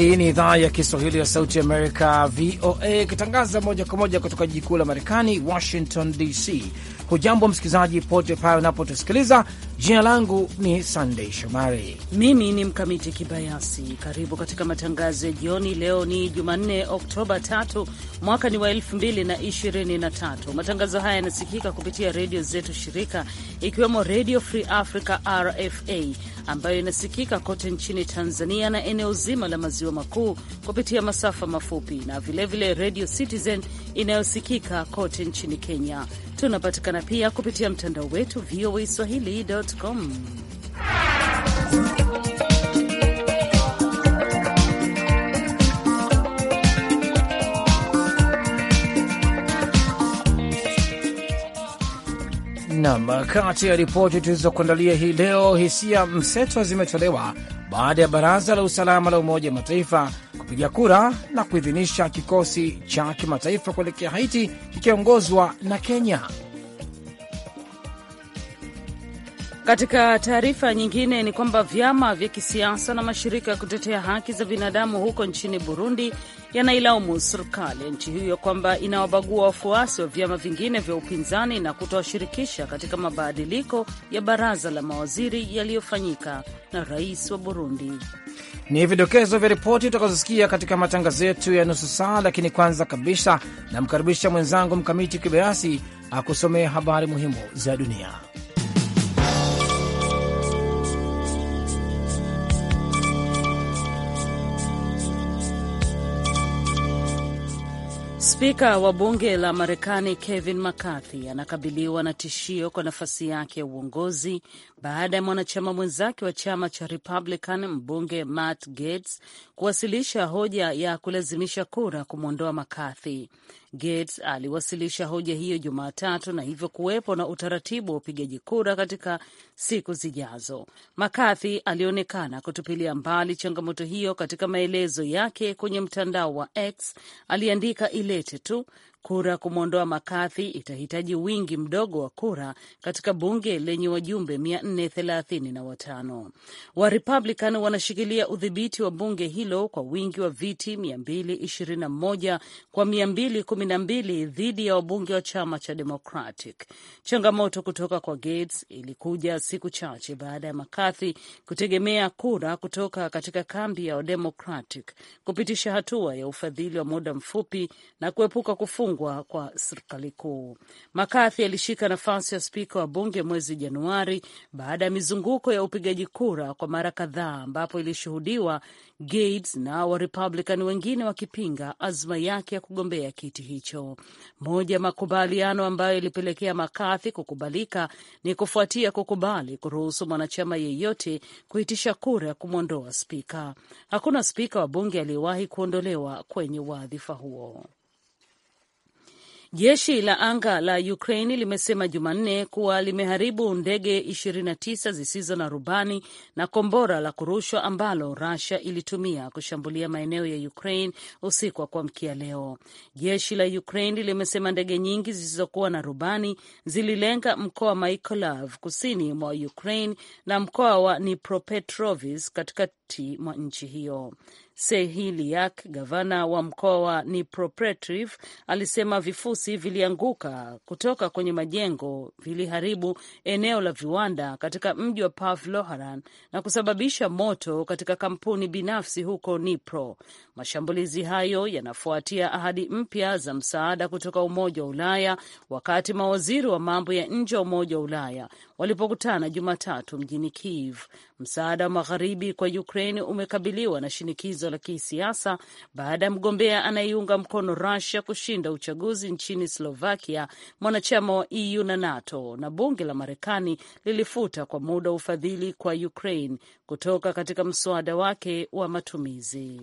Hii ni idhaa ya Kiswahili ya Sauti Amerika, VOA, ikitangaza moja kwa moja kutoka jiji kuu la Marekani, Washington DC. Hujambo msikilizaji pote pale unapotusikiliza. Jina langu ni Sandei Shomari, mimi ni Mkamiti Kibayasi. Karibu katika matangazo ya jioni. Leo ni Jumanne, Oktoba 3 mwaka ni wa 2023. Matangazo haya yanasikika kupitia redio zetu shirika, ikiwemo Redio Free Africa, RFA ambayo inasikika kote nchini Tanzania na eneo zima la maziwa makuu kupitia masafa mafupi na vilevile Radio Citizen inayosikika kote nchini Kenya. Tunapatikana pia kupitia mtandao wetu VOA swahili.com. Nam, kati ya ripoti tulizokuandalia hii leo, hisia mseto zimetolewa baada ya baraza la usalama la Umoja wa Mataifa kupiga kura na kuidhinisha kikosi cha kimataifa kuelekea Haiti kikiongozwa na Kenya. Katika taarifa nyingine ni kwamba vyama vya kisiasa na mashirika ya kutetea haki za binadamu huko nchini Burundi yanailaumu serikali ya nchi hiyo kwamba inawabagua wafuasi wa vyama vingine vya upinzani na kutowashirikisha katika mabadiliko ya baraza la mawaziri yaliyofanyika na rais wa Burundi. Ni vidokezo vya ripoti utakazosikia katika matangazo yetu ya nusu saa, lakini kwanza kabisa namkaribisha mwenzangu Mkamiti Kibayasi akusomea habari muhimu za dunia. Spika wa bunge la Marekani Kevin McCarthy anakabiliwa na tishio kwa nafasi yake ya uongozi baada ya mwanachama mwenzake wa chama cha Republican, mbunge Matt Gaetz kuwasilisha hoja ya kulazimisha kura kumwondoa McCarthy. Gates aliwasilisha hoja hiyo Jumatatu na hivyo kuwepo na utaratibu wa upigaji kura katika siku zijazo. McCarthy alionekana kutupilia mbali changamoto hiyo katika maelezo yake kwenye mtandao wa X. Aliandika, ilete tu Kura kumwondoa Makathi itahitaji wingi mdogo wa kura katika bunge lenye wajumbe 435. Warepublican wanashikilia udhibiti wa bunge hilo kwa wingi wa viti 221 kwa 212 dhidi ya wabunge wa chama cha Democratic. Changamoto kutoka kwa Gates ilikuja siku chache baada ya Makathi kutegemea kura kutoka katika kambi ya Democratic kupitisha hatua ya ufadhili wa muda mfupi na kuepuka kufunga kufungwa kwa serikali kuu. Makathi alishika nafasi ya spika wa bunge mwezi Januari baada ya mizunguko ya upigaji kura kwa mara kadhaa, ambapo ilishuhudiwa Gates na Warepublican wengine wakipinga azma yake ya kugombea kiti hicho. Moja ya makubaliano ambayo ilipelekea Makathi kukubalika ni kufuatia kukubali kuruhusu mwanachama yeyote kuitisha kura ya kumwondoa spika. Hakuna spika wa bunge aliyewahi kuondolewa kwenye wadhifa huo. Jeshi la anga la Ukraine limesema Jumanne kuwa limeharibu ndege 29 zisizo na rubani na kombora la kurushwa ambalo Russia ilitumia kushambulia maeneo ya Ukraine usiku wa kuamkia leo. Jeshi la Ukraine limesema ndege nyingi zisizokuwa na rubani zililenga mkoa wa Mykolaiv kusini mwa Ukraine na mkoa wa Dnipropetrovsk katikati mwa nchi hiyo. Sehiliak, gavana wa mkoa wa Dnipropetrovsk, alisema vifusi vilianguka kutoka kwenye majengo viliharibu eneo la viwanda katika mji wa Pavloharan na kusababisha moto katika kampuni binafsi huko nipro Mashambulizi hayo yanafuatia ahadi mpya za msaada kutoka Umoja wa Ulaya wakati mawaziri wa mambo ya nje wa Umoja wa Ulaya walipokutana Jumatatu mjini Kiev. Msaada wa magharibi kwa Ukraine umekabiliwa na shinikizo tatizo la kisiasa baada ya mgombea anayeiunga mkono rusia kushinda uchaguzi nchini Slovakia, mwanachama wa EU na NATO, na bunge la Marekani lilifuta kwa muda wa ufadhili kwa Ukraine kutoka katika mswada wake wa matumizi.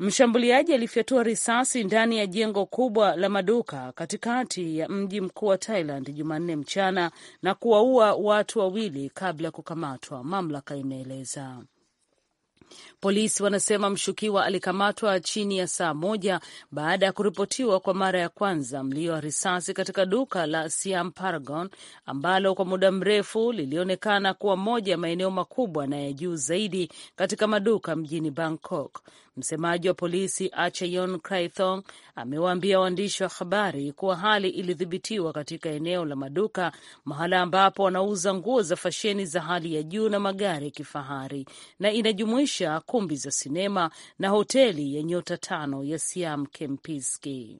Mshambuliaji alifyatua risasi ndani ya jengo kubwa la maduka katikati ya mji mkuu wa Thailand Jumanne mchana na kuwaua watu wawili kabla ya kukamatwa, mamlaka imeeleza. Polisi wanasema mshukiwa alikamatwa chini ya saa moja baada ya kuripotiwa kwa mara ya kwanza mlio wa risasi katika duka la Siam Paragon ambalo kwa muda mrefu lilionekana kuwa moja ya maeneo makubwa na ya juu zaidi katika maduka mjini Bangkok. Msemaji wa polisi Acheyon Kraithong amewaambia waandishi wa habari kuwa hali ilidhibitiwa katika eneo la maduka, mahala ambapo wanauza nguo za fasheni za hali ya juu na magari ya kifahari, na inajumuisha kumbi za sinema na hoteli ya nyota tano ya Siam Kempinski.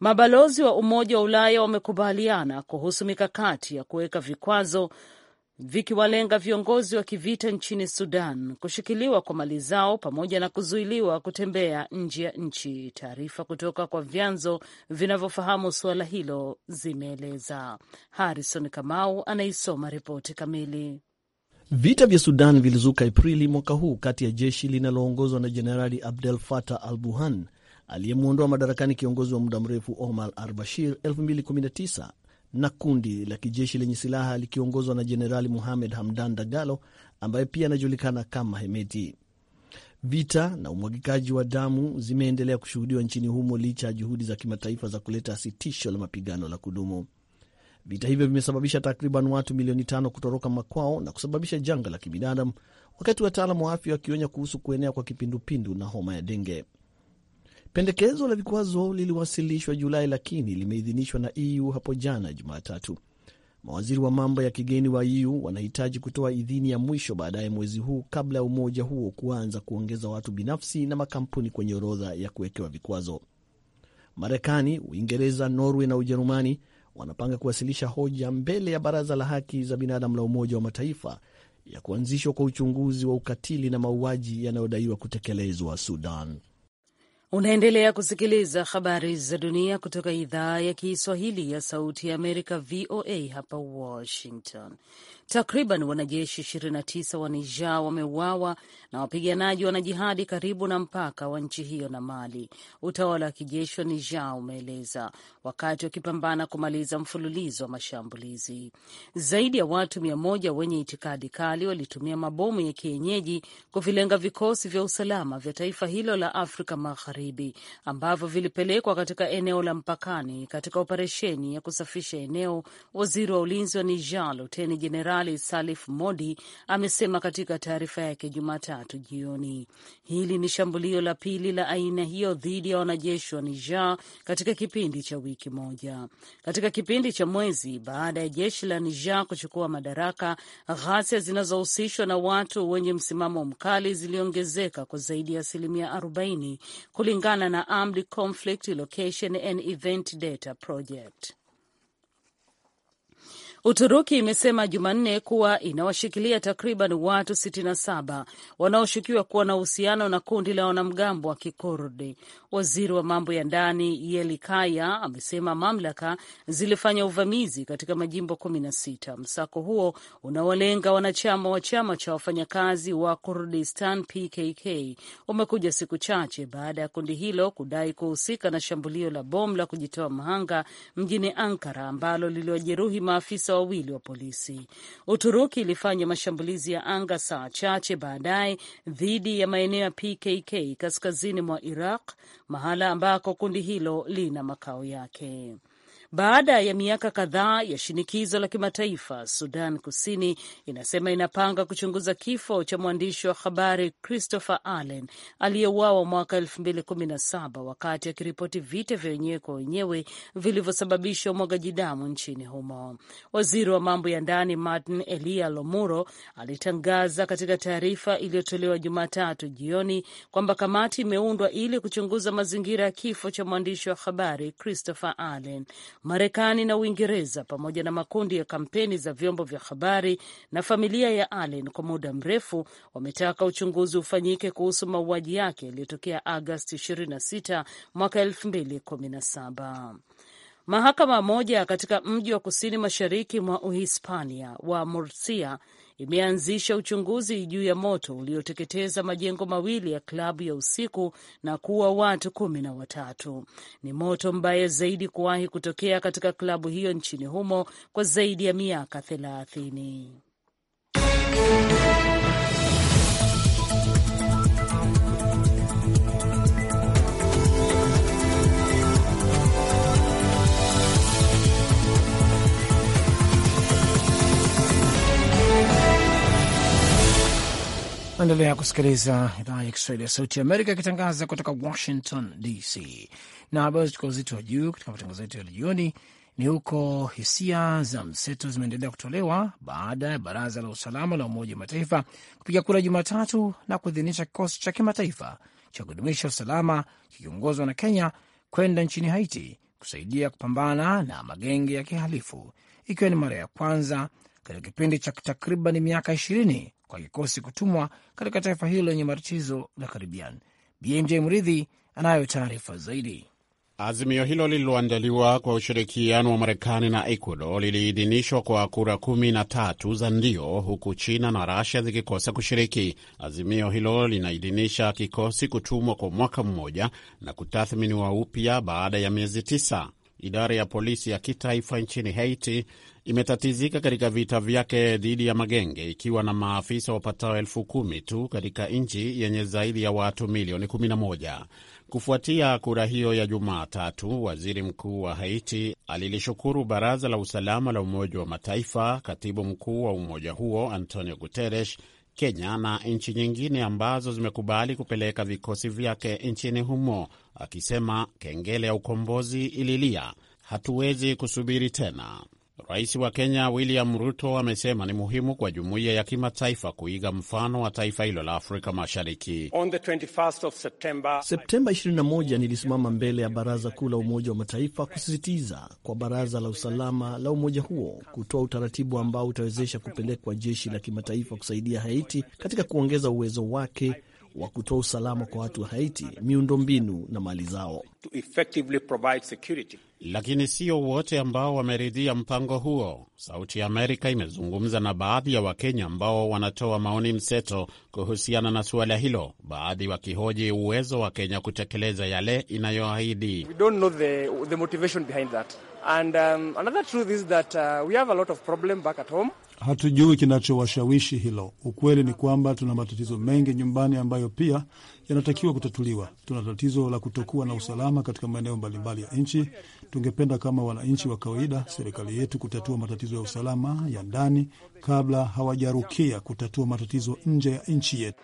Mabalozi wa Umoja wa Ulaya wamekubaliana kuhusu mikakati ya kuweka vikwazo vikiwalenga viongozi wa kivita nchini Sudan, kushikiliwa kwa mali zao pamoja na kuzuiliwa kutembea nje ya nchi. Taarifa kutoka kwa vyanzo vinavyofahamu suala hilo zimeeleza. Harrison Kamau anaisoma ripoti kamili. Vita vya Sudan vilizuka Aprili mwaka huu kati ya jeshi linaloongozwa na Jenerali Abdel Fattah al buhan aliyemwondoa madarakani kiongozi wa muda mrefu Omar al Bashir na kundi la kijeshi lenye silaha likiongozwa na Jenerali Muhamed Hamdan Dagalo ambaye pia anajulikana kama Hemeti. Vita na umwagikaji wa damu zimeendelea kushuhudiwa nchini humo licha ya juhudi za kimataifa za kuleta sitisho la mapigano la kudumu. Vita hivyo vimesababisha takriban watu milioni tano kutoroka makwao na kusababisha janga la kibinadamu, wakati wataalamu wa afya wakionya kuhusu kuenea kwa kipindupindu na homa ya denge. Pendekezo la vikwazo liliwasilishwa Julai lakini limeidhinishwa na EU hapo jana Jumatatu. Mawaziri wa mambo ya kigeni wa EU wanahitaji kutoa idhini ya mwisho baadaye mwezi huu kabla ya umoja huo kuanza kuongeza watu binafsi na makampuni kwenye orodha ya kuwekewa vikwazo. Marekani, Uingereza, Norway na Ujerumani wanapanga kuwasilisha hoja mbele ya Baraza la Haki za Binadamu la Umoja wa Mataifa ya kuanzishwa kwa uchunguzi wa ukatili na mauaji yanayodaiwa kutekelezwa Sudan. Unaendelea kusikiliza habari za dunia kutoka idhaa ya Kiswahili ya Sauti ya Amerika, VOA hapa Washington. Takriban wanajeshi 29 wa Niger wameuawa na wapiganaji wanajihadi karibu na mpaka wa nchi hiyo na Mali, utawala wa kijeshi wa Niger umeeleza, wakati wakipambana kumaliza mfululizo wa mashambulizi. Zaidi ya watu mia moja wenye itikadi kali walitumia mabomu ya kienyeji kuvilenga vikosi vya usalama vya taifa hilo la Afrika Magharibi ambavyo vilipelekwa katika eneo la mpakani katika operesheni ya kusafisha eneo. Waziri wa ulinzi wa Niger Luteni Jenerali serikali Salif Modi amesema katika taarifa yake Jumatatu jioni. Hili ni shambulio la pili la aina hiyo dhidi ya wanajeshi wa Niger katika kipindi cha wiki moja. Katika kipindi cha mwezi baada ya jeshi la Niger kuchukua madaraka, ghasia zinazohusishwa na watu wenye msimamo mkali ziliongezeka kwa zaidi ya asilimia 40 kulingana na Armed Conflict Location and Event Data Project. Uturuki imesema Jumanne kuwa inawashikilia takriban watu 67 wanaoshukiwa kuwa na uhusiano na kundi la wanamgambo wa Kikurdi. Waziri wa mambo ya ndani Yelikaya amesema mamlaka zilifanya uvamizi katika majimbo 16. Msako huo unaolenga wanachama wa chama cha wafanyakazi wa Kurdistan PKK umekuja siku chache baada ya kundi hilo kudai kuhusika na shambulio la bomu la kujitoa mhanga mjini Ankara ambalo liliwajeruhi maafisa maafisa wawili wa polisi. Uturuki ilifanya mashambulizi ya anga saa chache baadaye dhidi ya maeneo ya PKK kaskazini mwa Iraq, mahala ambako kundi hilo lina makao yake. Baada ya miaka kadhaa ya shinikizo la kimataifa, Sudan Kusini inasema inapanga kuchunguza kifo cha mwandishi wa habari Christopher Allen aliyeuawa mwaka 2017 wakati akiripoti vita vya wenyewe kwa wenyewe vilivyosababisha umwagaji damu nchini humo. Waziri wa mambo ya ndani Martin Elia Lomuro alitangaza katika taarifa iliyotolewa Jumatatu jioni kwamba kamati imeundwa ili kuchunguza mazingira ya kifo cha mwandishi wa habari Christopher Allen. Marekani na Uingereza pamoja na makundi ya kampeni za vyombo vya habari na familia ya Allen kwa muda mrefu wametaka uchunguzi ufanyike kuhusu mauaji yake yaliyotokea Agasti 26 mwaka 2017. Mahakama moja katika mji wa kusini mashariki mwa Uhispania wa Murcia imeanzisha uchunguzi juu ya moto ulioteketeza majengo mawili ya klabu ya usiku na kuua watu kumi na watatu. Ni moto mbaya zaidi kuwahi kutokea katika klabu hiyo nchini humo kwa zaidi ya miaka thelathini. Naendelea kusikiliza idhaa ya Kiswahili ya Sauti ya Amerika ikitangaza kutoka Washington DC, na habari zilichukua uzito wa juu katika matangazo yetu ya jioni ni huko. Hisia za mseto zimeendelea kutolewa baada ya Baraza la Usalama la Umoja wa Mataifa kupiga kura Jumatatu na kuidhinisha kikosi cha kimataifa cha kudumisha usalama kikiongozwa na Kenya kwenda nchini Haiti kusaidia kupambana na magenge ya kihalifu, ikiwa ni mara ya kwanza katika kipindi cha takriban miaka ishirini kwa kikosi kutumwa katika taifa hilo lenye matatizo la Karibian. BMJ Mridhi anayo taarifa zaidi. Azimio hilo lililoandaliwa kwa ushirikiano wa Marekani na Ecuador liliidhinishwa kwa kura kumi na tatu za ndio, huku China na Rasia zikikosa kushiriki. Azimio hilo linaidhinisha kikosi kutumwa kwa mwaka mmoja na kutathminiwa upya baada ya miezi tisa. Idara ya polisi ya kitaifa nchini Haiti imetatizika katika vita vyake dhidi ya magenge ikiwa na maafisa wapatao elfu kumi tu katika nchi yenye zaidi ya watu milioni 11. Kufuatia kura hiyo ya Jumatatu, waziri mkuu wa Haiti alilishukuru baraza la usalama la Umoja wa Mataifa, katibu mkuu wa umoja huo Antonio Guterres, Kenya na nchi nyingine ambazo zimekubali kupeleka vikosi vyake nchini humo, akisema kengele ya ukombozi ililia, hatuwezi kusubiri tena. Rais wa Kenya William Ruto amesema ni muhimu kwa jumuiya ya kimataifa kuiga mfano wa taifa hilo la Afrika Mashariki. Septemba 21 nilisimama mbele ya Baraza Kuu la Umoja wa Mataifa kusisitiza kwa Baraza la Usalama la umoja huo kutoa utaratibu ambao utawezesha kupelekwa jeshi la kimataifa kusaidia Haiti katika kuongeza uwezo wake wa kutoa usalama kwa watu wa Haiti, miundombinu na mali zao. Lakini sio wote ambao wameridhia mpango huo. Sauti ya Amerika imezungumza na baadhi ya Wakenya ambao wanatoa maoni mseto kuhusiana na suala hilo, baadhi wakihoji uwezo wa Kenya kutekeleza yale inayoahidi. Um, Hatujui kinachowashawishi hilo. Ukweli ni kwamba tuna matatizo mengi nyumbani ambayo pia yanatakiwa kutatuliwa. Tuna tatizo la kutokuwa na usalama katika maeneo mbalimbali ya nchi, Tungependa kama wananchi wa kawaida, serikali yetu kutatua matatizo ya usalama ya ndani kabla hawajarukia kutatua matatizo nje ya nchi yetu.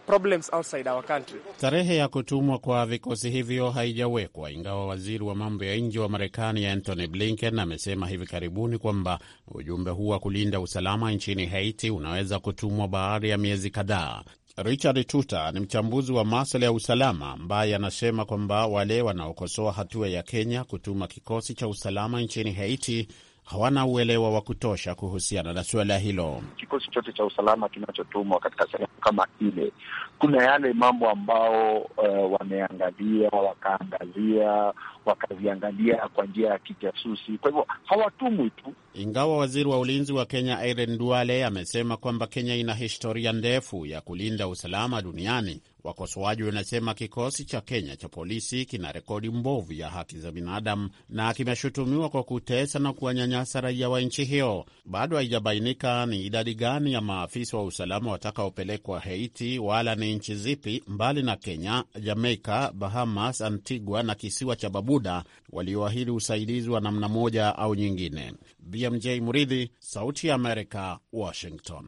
Tarehe ya kutumwa kwa vikosi hivyo haijawekwa, ingawa waziri wa mambo ya nje wa Marekani Antony Blinken amesema hivi karibuni kwamba ujumbe huu wa kulinda usalama nchini Haiti unaweza kutumwa baada ya miezi kadhaa. Richard Tuta ni mchambuzi wa masuala ya usalama ambaye anasema kwamba wale wanaokosoa hatua ya Kenya kutuma kikosi cha usalama nchini Haiti hawana uelewa wa kutosha kuhusiana na suala hilo. Kikosi chote cha usalama kinachotumwa katika sehemu kama ile, kuna yale mambo ambao uh, wameangalia wakaangalia wakaviangalia kwa njia ya kijasusi, kwa hivyo hawatumwi tu. Ingawa waziri wa ulinzi wa Kenya Irene Duale amesema kwamba Kenya ina historia ndefu ya kulinda usalama duniani Wakosoaji wanasema kikosi cha Kenya cha polisi kina rekodi mbovu ya haki za binadamu na kimeshutumiwa kwa kutesa na kuwanyanyasa raia wa nchi hiyo. Bado haijabainika ni idadi gani ya maafisa wa usalama watakaopelekwa Haiti wala ni nchi zipi mbali na Kenya, Jamaica, Bahamas, Antigua na kisiwa cha Babuda walioahidi usaidizi wa namna moja au nyingine. BMJ Muridhi, Sauti ya Amerika, Washington.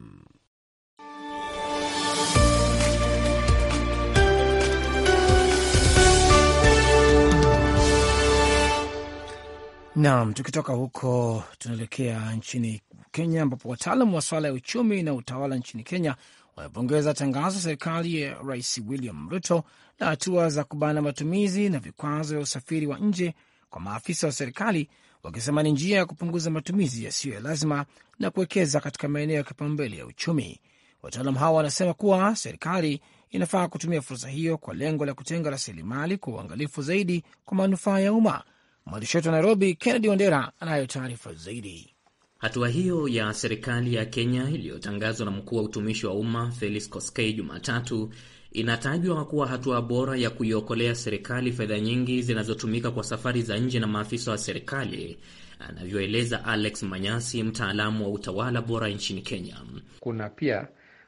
Naam, tukitoka huko tunaelekea nchini Kenya ambapo wataalam wa swala ya uchumi na utawala nchini Kenya wamepongeza tangazo serikali ya Rais William Ruto na hatua za kubana matumizi na vikwazo vya usafiri wa nje kwa maafisa wa serikali, wakisema ni njia ya kupunguza matumizi yasiyo ya lazima na kuwekeza katika maeneo ya kipaumbele ya uchumi. wataalam hawa wanasema kuwa serikali inafaa kutumia fursa hiyo kwa lengo la kutenga rasilimali kwa uangalifu zaidi kwa manufaa ya umma Mwandishi wetu wa Nairobi, Kennedy Wandera, anayo taarifa zaidi. Hatua hiyo ya serikali ya Kenya iliyotangazwa na mkuu wa utumishi wa umma Felix Koskei Jumatatu inatajwa kuwa hatua bora ya kuiokolea serikali fedha nyingi zinazotumika kwa safari za nje na maafisa wa serikali, anavyoeleza Alex Manyasi, mtaalamu wa utawala bora nchini Kenya. Kuna pia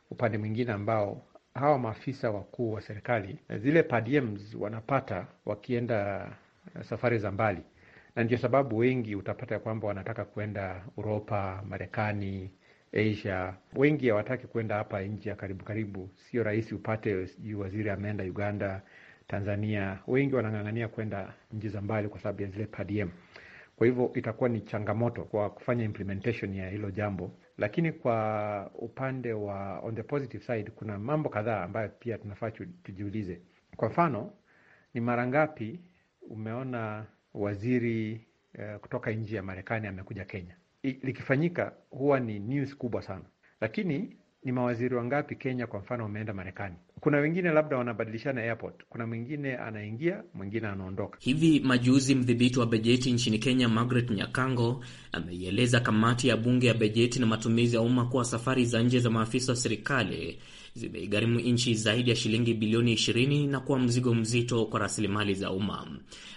upande mwingine ambao hawa maafisa wakuu wa serikali zile wanapata wakienda Eh, safari za mbali, na ndio sababu wengi utapata ya kwamba wanataka kuenda Uropa, Marekani, Asia. Wengi hawataki kuenda hapa nchi ya karibu karibu. Sio rahisi upate sijui waziri ameenda Uganda, Tanzania. Wengi wanang'ang'ania kwenda nchi za mbali kwa sababu ya zile PDM. Kwa hivyo itakuwa ni changamoto kwa kufanya implementation ya hilo jambo, lakini kwa upande wa on the positive side, kuna mambo kadhaa ambayo pia tunafaa tujiulize. Kwa mfano, ni mara ngapi umeona waziri eh, kutoka nji ya Marekani amekuja Kenya. I, likifanyika huwa ni news kubwa sana, lakini ni mawaziri wangapi Kenya kwa mfano wameenda Marekani? Kuna wengine labda wanabadilishana airport, kuna mwingine anaingia, mwingine anaondoka. Hivi majuzi mdhibiti wa bajeti nchini Kenya Margaret Nyakango ameieleza kamati ya bunge ya bajeti na matumizi ya umma kuwa safari za nje za maafisa wa serikali zimeigharimu nchi zaidi ya shilingi bilioni 20 na kuwa mzigo mzito kwa rasilimali za umma.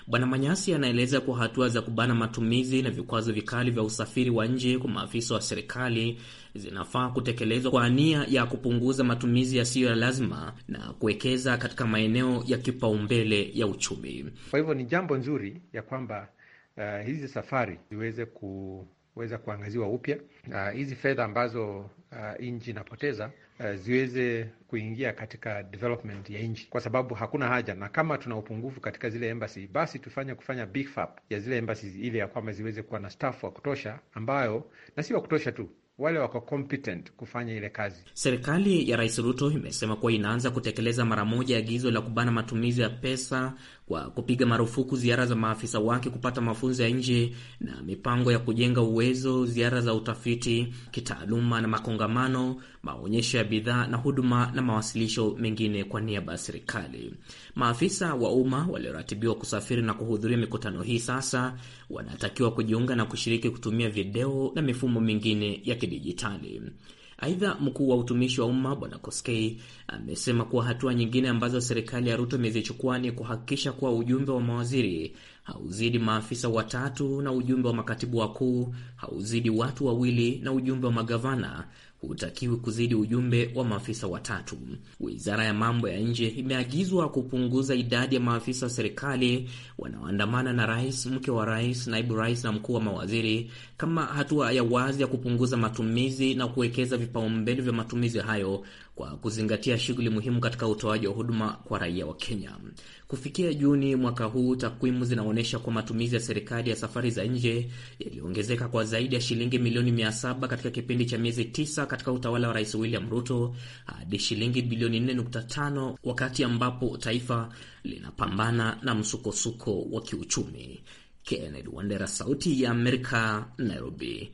Bwana Manyasi anaeleza kuwa hatua za kubana matumizi na vikwazo vikali vya usafiri wa nje kwa maafisa wa serikali zinafaa kutekelezwa kwa nia ya kupunguza matumizi yasiyo ya lazima na kuwekeza katika maeneo ya kipaumbele ya uchumi. Kwa hivyo ni jambo nzuri ya kwamba uh, hizi safari ziweze kuweza kuangaziwa upya hizi uh, hizi fedha ambazo uh, nchi inapoteza uh, ziweze kuingia katika development ya nchi, kwa sababu hakuna haja, na kama tuna upungufu katika zile embassy, basi tufanye kufanya ya zile embassy, ile ya kwamba ziweze kuwa na staff wa kutosha, ambayo na si wa kutosha tu wale wako competent kufanya ile kazi. Serikali ya Rais Ruto imesema kuwa inaanza kutekeleza mara moja agizo la kubana matumizi ya pesa kwa kupiga marufuku ziara za maafisa wake kupata mafunzo ya nje na mipango ya kujenga uwezo, ziara za utafiti, kitaaluma na makongamano, maonyesho ya bidhaa na huduma na mawasilisho mengine kwa niaba ya serikali. Maafisa wa umma walioratibiwa kusafiri na kuhudhuria mikutano hii sasa wanatakiwa kujiunga na kushiriki kutumia video na mifumo mingine ya kidijitali. Aidha, mkuu wa utumishi wa umma Bwana Koskei amesema kuwa hatua nyingine ambazo serikali ya Ruto imezichukua ni kuhakikisha kuwa ujumbe wa mawaziri hauzidi maafisa watatu na ujumbe wa makatibu wakuu hauzidi watu wawili na ujumbe wa magavana hutakiwi kuzidi ujumbe wa maafisa watatu. Wizara ya mambo ya nje imeagizwa kupunguza idadi ya maafisa wa serikali wanaoandamana na rais, mke wa rais, naibu rais na mkuu wa mawaziri kama hatua ya wazi ya kupunguza matumizi na kuwekeza vipaumbele vya matumizi hayo kwa kuzingatia shughuli muhimu katika utoaji wa huduma kwa raia wa Kenya. Kufikia Juni mwaka huu, takwimu zinaonyesha kuwa matumizi ya serikali ya safari za nje yaliyoongezeka kwa zaidi ya shilingi milioni i7 katika kipindi cha miezi 9 katika utawala wa Rais William Ruto hadi shilingi bilioni 4.5, wakati ambapo taifa linapambana na msukosuko wa kiuchumi. Kennedy Wandera, Sauti ya Amerika, Nairobi.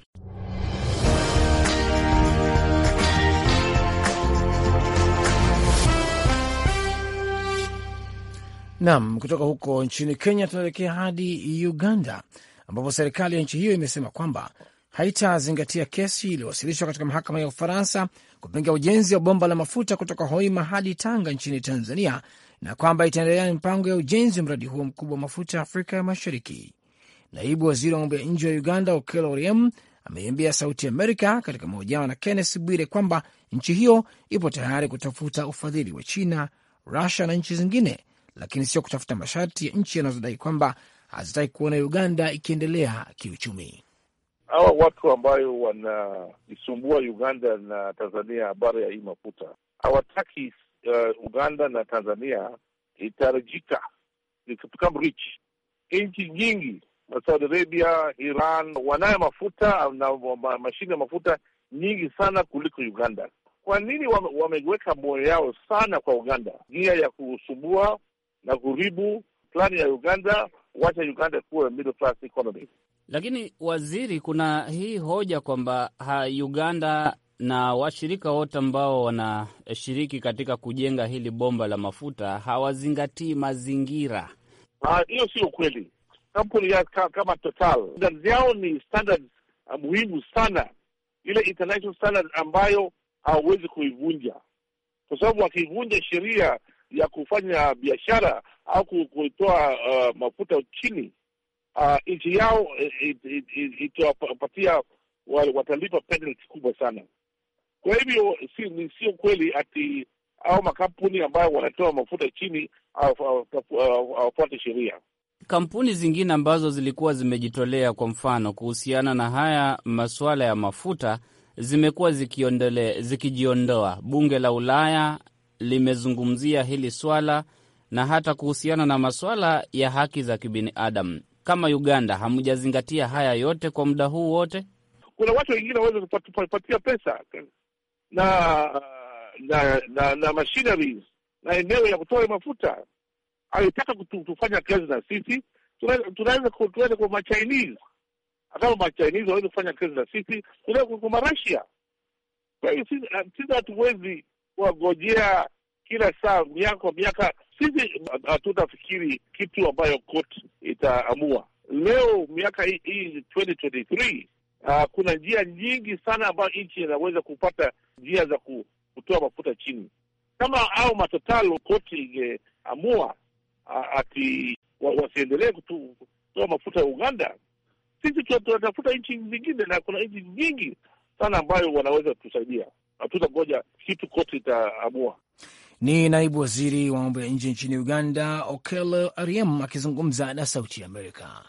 Nam, kutoka huko nchini Kenya tunaelekea hadi Uganda, ambapo serikali ya nchi hiyo imesema kwamba haitazingatia kesi iliyowasilishwa katika mahakama ya Ufaransa kupinga ujenzi wa bomba la mafuta kutoka Hoima hadi Tanga nchini Tanzania, na kwamba itaendelea na mipango ya ujenzi wa mradi huo mkubwa wa mafuta Afrika ya Mashariki. Naibu waziri wa mambo ya nje wa Uganda, Okello Oryem, ameiambia Sauti Amerika katika mahojiano na Kenneth Bwire kwamba nchi hiyo ipo tayari kutafuta ufadhili wa China, Rusia na nchi zingine lakini sio kutafuta masharti ya nchi yanazodai kwamba hazitaki kuona Uganda ikiendelea kiuchumi. Hawa watu ambayo wanaisumbua Uganda na Tanzania habari ya hii mafuta hawataki uh, Uganda na Tanzania itarijika become rich. Nchi nyingi Saudi Arabia, Iran wanayo mafuta na mashine ya mafuta nyingi sana kuliko Uganda. Kwa nini wameweka moyo yao sana kwa Uganda, nia ya kusumbua na kuribu plani ya Uganda kuacha Uganda kuwa middle class economy. Lakini waziri, kuna hii hoja kwamba Uganda na washirika wote ambao wanashiriki katika kujenga hili bomba la mafuta hawazingatii mazingira. Ah, hiyo sio kweli. Kampuni ya ka, kama Total standards yao ni standards ah, muhimu sana, ile international standard ambayo hawawezi kuivunja, kwa sababu wakivunja sheria ya kufanya biashara au kutoa uh, mafuta chini uh, nchi yao itawapatia watalipa penalty kubwa sana. Kwa hivyo si, sio kweli ati au makampuni ambayo wanatoa mafuta chini hawafuate sheria. Kampuni zingine ambazo zilikuwa zimejitolea kwa mfano kuhusiana na haya masuala ya mafuta zimekuwa zikijiondoa. Bunge la Ulaya limezungumzia hili swala na hata kuhusiana na maswala ya haki za kibinadamu. Kama Uganda, hamjazingatia haya yote kwa muda huu wote? Kuna watu wengine waweza kupatia pesa na na na, na machineries na eneo ya kutoa mafuta, alitaka kutufanya kazi na sisi, tunaweza tuende kwa Machinese, kama Machinese waweze kufanya kazi na sisi, tunaenda kwa Marasia. Kwa hiyo sisi hatuwezi kuwangojea kila saa miaka miaka. Sisi hatutafikiri kitu ambayo court itaamua leo miaka hii 2023. Uh, kuna njia nyingi sana ambayo nchi inaweza kupata njia za kutoa mafuta chini kama au matotalo koti ingeamua uh, ati wa, wasiendelee kutoa mafuta ya Uganda. Sisi tunatafuta nchi zingine na kuna nchi nyingi sana ambayo wanaweza kutusaidia ngoja kitu kote itaamua. Ni naibu waziri wa mambo ya nje nchini Uganda, okel Ariem, akizungumza na Sauti ya Amerika.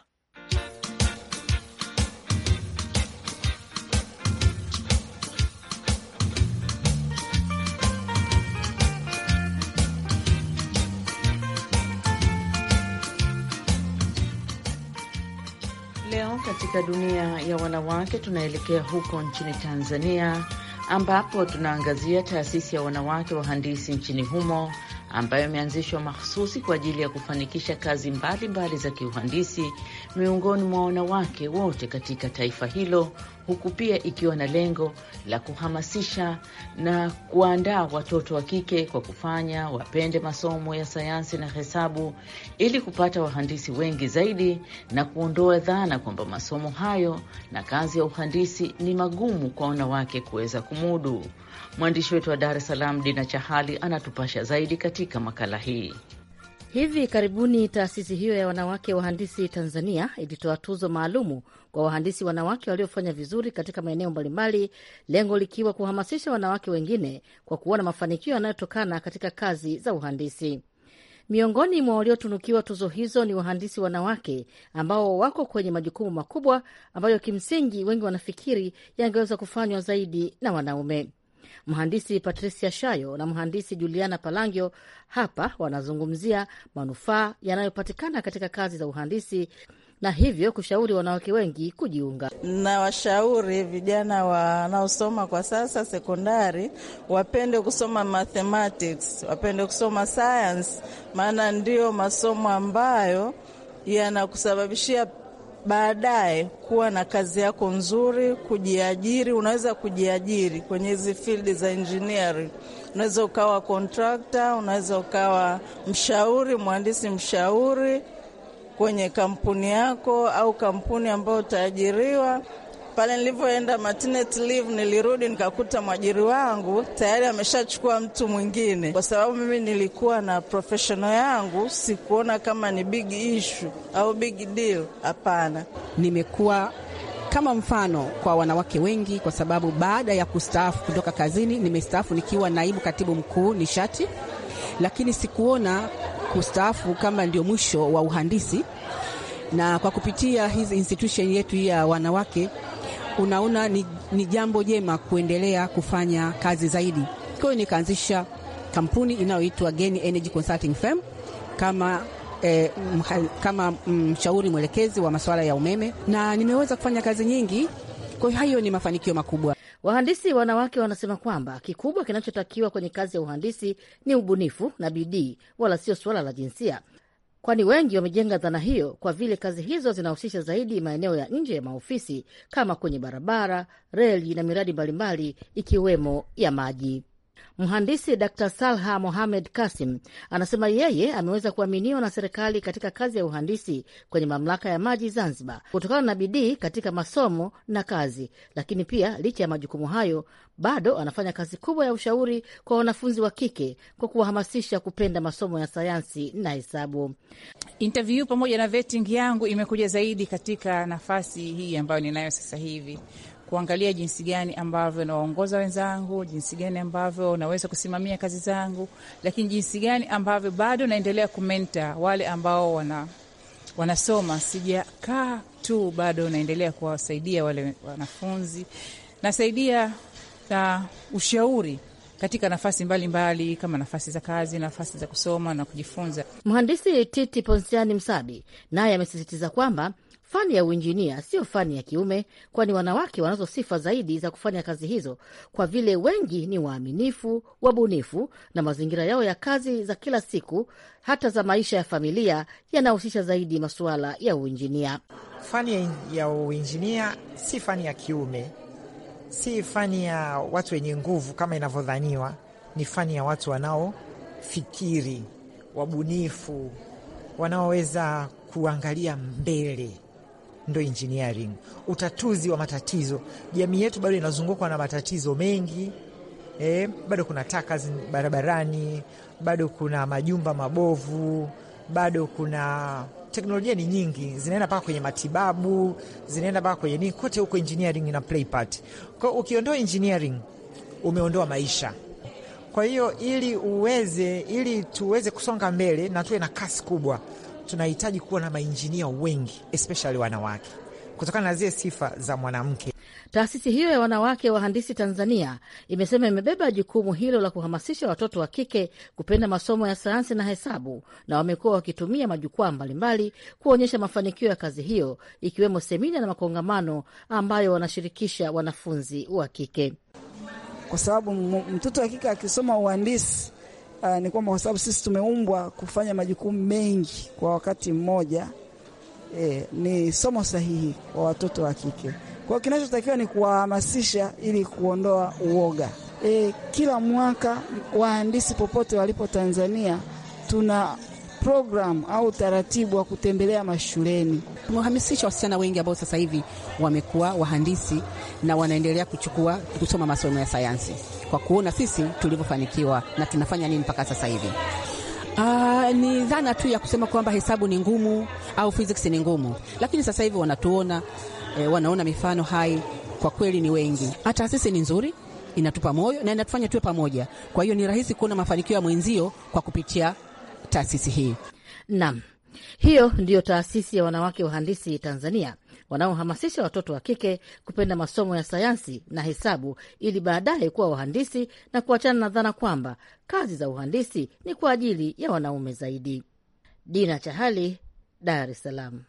Leo katika dunia ya wanawake tunaelekea huko nchini Tanzania ambapo tunaangazia taasisi ya wanawake wahandisi nchini humo ambayo imeanzishwa makhususi kwa ajili ya kufanikisha kazi mbalimbali mbali za kiuhandisi miongoni mwa wanawake wote katika taifa hilo, huku pia ikiwa na lengo la kuhamasisha na kuandaa watoto wa kike kwa kufanya wapende masomo ya sayansi na hesabu ili kupata wahandisi wengi zaidi na kuondoa dhana kwamba masomo hayo na kazi ya uhandisi ni magumu kwa wanawake kuweza kumudu. Mwandishi wetu wa Dar es Salaam Dina Chahali anatupasha zaidi katika makala hii. Hivi karibuni taasisi hiyo ya wanawake wahandisi Tanzania ilitoa tuzo maalumu kwa wahandisi wanawake waliofanya vizuri katika maeneo mbalimbali, lengo likiwa kuhamasisha wanawake wengine kwa kuona mafanikio yanayotokana katika kazi za uhandisi. Miongoni mwa waliotunukiwa tuzo hizo ni wahandisi wanawake ambao wako kwenye majukumu makubwa ambayo kimsingi wengi wanafikiri yangeweza kufanywa zaidi na wanaume. Mhandisi Patricia Shayo na mhandisi Juliana Palangio hapa wanazungumzia manufaa yanayopatikana katika kazi za uhandisi na hivyo kushauri wanawake wengi kujiunga. Nawashauri vijana wanaosoma kwa sasa sekondari wapende kusoma mathematics, wapende kusoma science, maana ndiyo masomo ambayo yanakusababishia baadaye kuwa na kazi yako nzuri, kujiajiri. Unaweza kujiajiri kwenye hizi field za engineering, unaweza ukawa kontrakta, unaweza ukawa mshauri, mhandisi mshauri kwenye kampuni yako au kampuni ambayo utaajiriwa. Pale nilivyoenda maternity leave, nilirudi nikakuta mwajiri wangu tayari ameshachukua mtu mwingine, kwa sababu mimi nilikuwa na professional yangu, sikuona kama ni big issue au big deal. Hapana, nimekuwa kama mfano kwa wanawake wengi, kwa sababu baada ya kustaafu kutoka kazini, nimestaafu nikiwa naibu katibu mkuu nishati, lakini sikuona kustaafu kama ndio mwisho wa uhandisi, na kwa kupitia hizi institution yetu ya wanawake unaona ni, ni jambo jema kuendelea kufanya kazi zaidi. Kwa hiyo nikaanzisha kampuni inayoitwa Geni Energy Consulting Firm kama E, kama mm, mshauri mwelekezi wa masuala ya umeme na nimeweza kufanya kazi nyingi. Kwa hiyo hayo ni mafanikio makubwa. Wahandisi wanawake wanasema kwamba kikubwa kinachotakiwa kwenye kazi ya uhandisi ni ubunifu na bidii, wala sio suala la jinsia, kwani wengi wamejenga dhana hiyo kwa vile kazi hizo zinahusisha zaidi maeneo ya nje ya maofisi kama kwenye barabara, reli na miradi mbalimbali ikiwemo ya maji. Mhandisi Dr Salha Mohamed Kasim anasema yeye ameweza kuaminiwa na serikali katika kazi ya uhandisi kwenye mamlaka ya maji Zanzibar kutokana na bidii katika masomo na kazi, lakini pia licha ya majukumu hayo bado anafanya kazi kubwa ya ushauri kwa wanafunzi wa kike kwa kuwahamasisha kupenda masomo ya sayansi na hesabu. Interview pamoja na vetting yangu imekuja zaidi katika nafasi hii ambayo ninayo sasa hivi kuangalia jinsi gani ambavyo nawaongoza wenzangu, jinsi gani ambavyo naweza kusimamia kazi zangu, lakini jinsi gani ambavyo bado naendelea kumenta wale ambao wana wanasoma. Sijakaa tu, bado naendelea kuwasaidia wale wanafunzi, nasaidia na ushauri katika nafasi mbalimbali mbali, kama nafasi za kazi, nafasi za kusoma na kujifunza. Mhandisi Titi Ponsiani Msabi naye amesisitiza kwamba Fani ya uinjinia siyo fani ya kiume, kwani wanawake wanazo sifa zaidi za kufanya kazi hizo, kwa vile wengi ni waaminifu, wabunifu, na mazingira yao ya kazi za kila siku, hata za maisha ya familia, yanahusisha zaidi masuala ya uinjinia. Fani ya uinjinia si fani ya kiume, si fani ya watu wenye nguvu kama inavyodhaniwa. Ni fani ya watu wanaofikiri, wabunifu, wanaoweza kuangalia mbele ndo engineering, utatuzi wa matatizo. Jamii yetu bado inazungukwa na matatizo mengi eh, bado kuna taka barabarani, bado kuna majumba mabovu, bado kuna teknolojia ni nyingi, zinaenda mpaka kwenye matibabu, zinaenda mpaka kwenye nini, kote huko engineering ina play part. Kwa hiyo ukiondoa engineering umeondoa maisha. Kwa hiyo ili uweze, ili tuweze kusonga mbele na tuwe na kasi kubwa tunahitaji kuwa na mainjinia wengi especially wanawake kutokana na zile sifa za mwanamke. Taasisi hiyo ya wanawake wahandisi Tanzania imesema imebeba jukumu hilo la kuhamasisha watoto wa kike kupenda masomo ya sayansi na hesabu, na wamekuwa wakitumia majukwaa mbalimbali kuonyesha mafanikio ya kazi hiyo, ikiwemo semina na makongamano ambayo wanashirikisha wanafunzi wa kike, kwa sababu mtoto wa kike akisoma uhandisi uh, ni kwamba kwa sababu sisi tumeumbwa kufanya majukumu mengi kwa wakati mmoja eh, ni somo sahihi kwa watoto wa kike. Kwa hiyo kinachotakiwa ni kuwahamasisha ili kuondoa uoga. E, kila mwaka wahandisi popote walipo Tanzania tuna programu au utaratibu wa kutembelea mashuleni. Tumewahamasisha wasichana wengi ambao sasa hivi wamekuwa wahandisi na wanaendelea kuchukua kusoma masomo ya sayansi kwa kuona sisi tulivyofanikiwa na tunafanya nini mpaka sasa hivi. Uh, ni dhana tu ya kusema kwamba hesabu ni ngumu au physics ni ngumu, lakini sasa hivi wanatuona eh, wanaona mifano hai, kwa kweli ni wengi. Hata taasisi ni nzuri, inatupa moyo na inatufanya tuwe pamoja. Kwa hiyo ni rahisi kuona mafanikio ya mwenzio kwa kupitia taasisi hii. Naam, hiyo ndiyo taasisi ya wanawake wahandisi Tanzania wanaohamasisha watoto wa kike kupenda masomo ya sayansi na hesabu ili baadaye kuwa wahandisi na kuachana na dhana kwamba kazi za uhandisi ni kwa ajili ya wanaume zaidi. Dina Chahali, Dar es Salaam.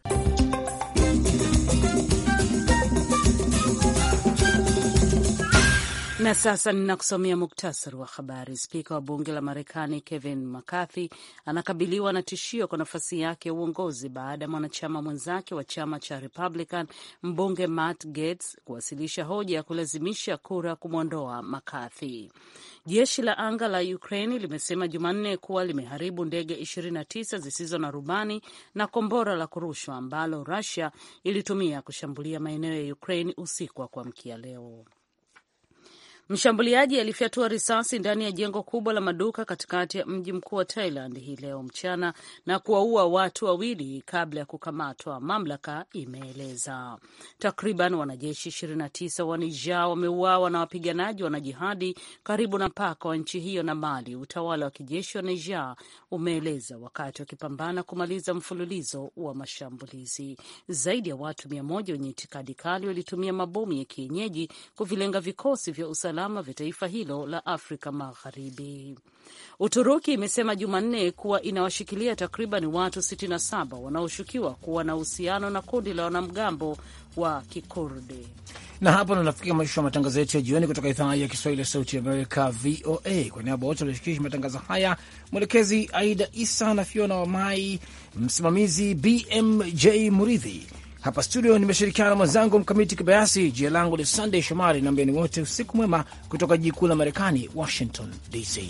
Na sasa ninakusomea muktasari wa habari. Spika wa bunge la Marekani Kevin McCarthy anakabiliwa na tishio kwa nafasi yake ya uongozi baada ya mwanachama mwenzake wa chama cha Republican mbunge Matt Gaetz kuwasilisha hoja ya kulazimisha kura kumwondoa McCarthy. Jeshi la anga la Ukraini limesema Jumanne kuwa limeharibu ndege 29 zisizo na rubani na kombora la kurushwa ambalo Rusia ilitumia kushambulia maeneo ya Ukraini usiku wa kuamkia leo. Mshambuliaji alifyatua risasi ndani ya jengo kubwa la maduka katikati ya mji mkuu wa Thailand hii leo mchana na kuwaua watu wawili kabla ya kukamatwa, mamlaka imeeleza. Takriban wanajeshi 29 wa Niger wameuawa na wapiganaji wanajihadi karibu na mpaka wa nchi hiyo na Mali, utawala wa kijeshi wa Niger umeeleza, wakati wakipambana kumaliza mfululizo wa mashambulizi. Zaidi ya watu mia wenye itikadi kali walitumia mabomu ya kienyeji kuvilenga vikosi vya usalama usalama vya taifa hilo la Afrika Magharibi. Uturuki imesema Jumanne kuwa inawashikilia takriban watu 67 wanaoshukiwa kuwa na uhusiano na kundi la wanamgambo wa Kikurdi. Na hapo ndo nafikia mwisho wa matangazo yetu ya jioni kutoka idhaa ya Kiswahili ya Sauti Amerika, VOA. Kwa niaba wote walioshiriki matangazo haya, mwelekezi Aida Isa na Fiona Wamai, msimamizi BMJ Muridhi. Hapa studio nimeshirikiana na mwenzangu Mkamiti Kibayasi. Jina langu ni Sunday Shomari na mbeni wote usiku mwema kutoka jiji kuu la Marekani, Washington DC.